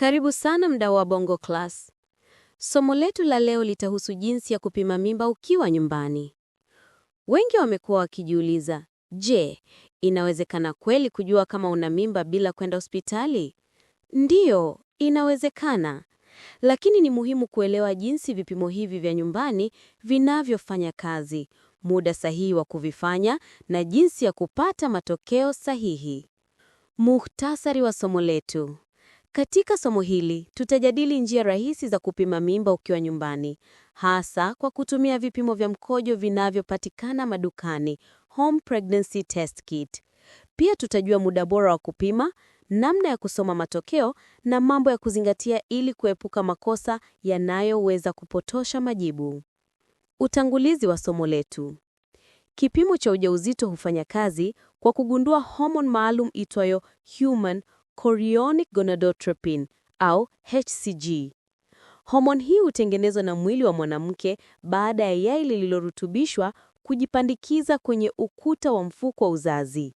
Karibu sana mdau wa Bongo Class. Somo letu la leo litahusu jinsi ya kupima mimba ukiwa nyumbani. Wengi wamekuwa wakijiuliza, je, inawezekana kweli kujua kama una mimba bila kwenda hospitali? Ndiyo, inawezekana. Lakini ni muhimu kuelewa jinsi vipimo hivi vya nyumbani vinavyofanya kazi, muda sahihi wa kuvifanya na jinsi ya kupata matokeo sahihi. Muhtasari wa somo letu. Katika somo hili tutajadili njia rahisi za kupima mimba ukiwa nyumbani, hasa kwa kutumia vipimo vya mkojo vinavyopatikana madukani, home pregnancy test kit. Pia tutajua muda bora wa kupima, namna ya kusoma matokeo na mambo ya kuzingatia ili kuepuka makosa yanayoweza kupotosha majibu. Utangulizi wa somo letu. Kipimo cha ujauzito hufanya kazi kwa kugundua homoni maalum itwayo human chorionic gonadotropin au HCG. Homoni hii hutengenezwa na mwili wa mwanamke baada ya yai lililorutubishwa kujipandikiza kwenye ukuta wa mfuko wa uzazi.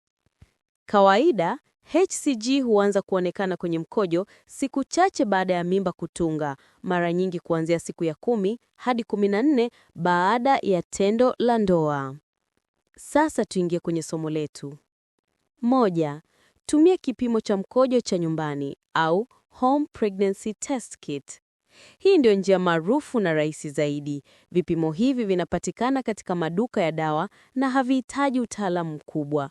Kawaida, HCG huanza kuonekana kwenye mkojo siku chache baada ya mimba kutunga, mara nyingi kuanzia siku ya kumi hadi kumi na nne baada ya tendo la ndoa. Sasa tuingie kwenye somo letu. Moja, tumia kipimo cha mkojo cha nyumbani au home pregnancy test kit. Hii ndio njia maarufu na rahisi zaidi. Vipimo hivi vinapatikana katika maduka ya dawa na havihitaji utaalamu mkubwa.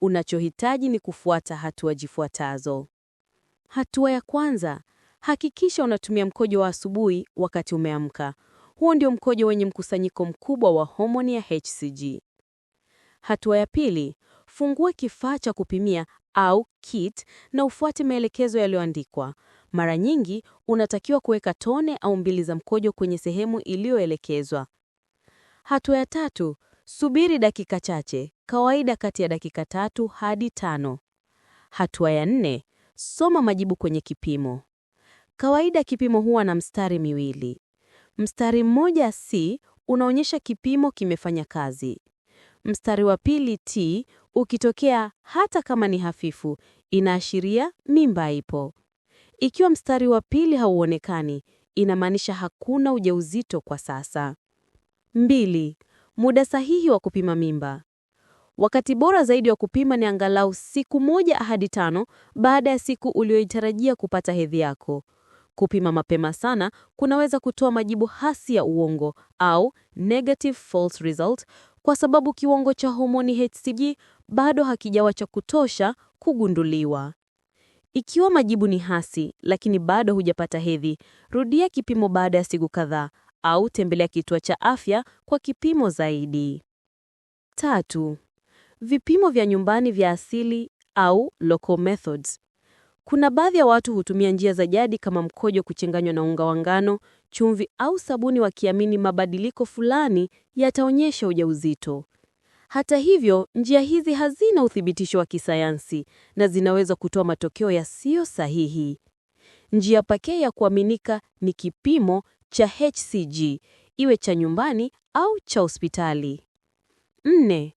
Unachohitaji ni kufuata hatua zifuatazo. Hatua ya kwanza, hakikisha unatumia mkojo wa asubuhi wakati umeamka. Huo ndio mkojo wenye mkusanyiko mkubwa wa homoni ya HCG. Hatua ya pili, Fungua kifaa cha kupimia au kit na ufuate maelekezo yaliyoandikwa. Mara nyingi unatakiwa kuweka tone au mbili za mkojo kwenye sehemu iliyoelekezwa. Hatua ya tatu, subiri dakika chache, kawaida kati ya dakika tatu hadi tano. Hatua ya nne, soma majibu kwenye kipimo. Kawaida kipimo huwa na mstari miwili. Mstari mmoja C unaonyesha kipimo kimefanya kazi. Mstari wa pili T Ukitokea hata kama ni hafifu, inaashiria mimba ipo. Ikiwa mstari wa pili hauonekani, inamaanisha hakuna ujauzito kwa sasa. Mbili, muda sahihi wa kupima mimba. Wakati bora zaidi wa kupima ni angalau siku moja hadi tano baada ya siku uliyoitarajia kupata hedhi yako. Kupima mapema sana kunaweza kutoa majibu hasi ya uongo au negative false result kwa sababu kiwango cha homoni hCG bado hakijawa cha kutosha kugunduliwa. Ikiwa majibu ni hasi lakini bado hujapata hedhi, rudia kipimo baada ya siku kadhaa au tembelea kituo cha afya kwa kipimo zaidi. Tatu, vipimo vya nyumbani vya asili au local methods. Kuna baadhi ya watu hutumia njia za jadi kama mkojo kuchanganywa na unga wa ngano, chumvi au sabuni wakiamini mabadiliko fulani yataonyesha ujauzito. Hata hivyo, njia hizi hazina uthibitisho wa kisayansi na zinaweza kutoa matokeo yasiyo sahihi. Njia pekee ya kuaminika ni kipimo cha hCG, iwe cha nyumbani au cha hospitali. Nne,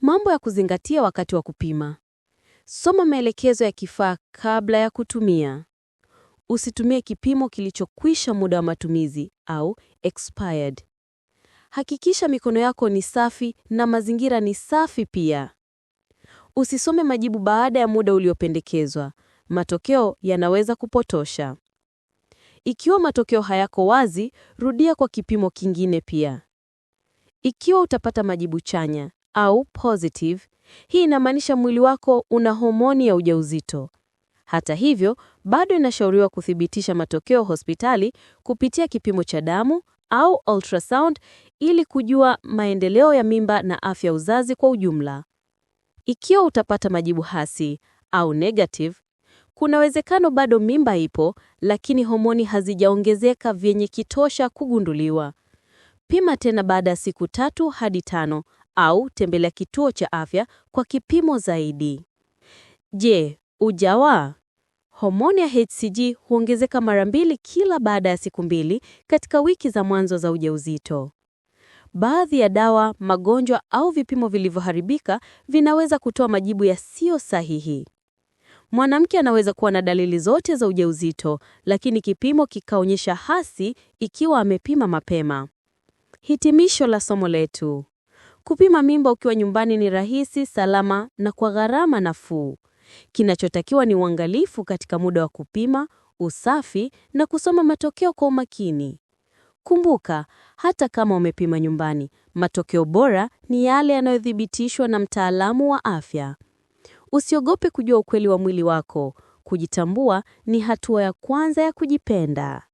mambo ya kuzingatia wakati wa kupima. Soma maelekezo ya kifaa kabla ya kutumia. Usitumie kipimo kilichokwisha muda wa matumizi au expired. Hakikisha mikono yako ni safi na mazingira ni safi pia. Usisome majibu baada ya muda uliopendekezwa. Matokeo yanaweza kupotosha. Ikiwa matokeo hayako wazi, rudia kwa kipimo kingine pia. Ikiwa utapata majibu chanya au positive, hii inamaanisha mwili wako una homoni ya ujauzito. Hata hivyo, bado inashauriwa kuthibitisha matokeo hospitali kupitia kipimo cha damu au ultrasound ili kujua maendeleo ya mimba na afya uzazi kwa ujumla. Ikiwa utapata majibu hasi au negative, kuna uwezekano bado mimba ipo lakini homoni hazijaongezeka vyenye kitosha kugunduliwa. Pima tena baada ya siku tatu hadi tano au tembelea kituo cha afya kwa kipimo zaidi. Je, ujawa? Homoni ya HCG huongezeka mara mbili kila baada ya siku mbili katika wiki za mwanzo za ujauzito. Baadhi ya dawa, magonjwa au vipimo vilivyoharibika vinaweza kutoa majibu yasiyo sahihi. Mwanamke anaweza kuwa na dalili zote za ujauzito, lakini kipimo kikaonyesha hasi ikiwa amepima mapema. Hitimisho la somo letu. Kupima mimba ukiwa nyumbani ni rahisi, salama na kwa gharama nafuu. Kinachotakiwa ni uangalifu katika muda wa kupima, usafi na kusoma matokeo kwa umakini. Kumbuka, hata kama umepima nyumbani, matokeo bora ni yale yanayothibitishwa na mtaalamu wa afya. Usiogope kujua ukweli wa mwili wako. Kujitambua ni hatua ya kwanza ya kujipenda.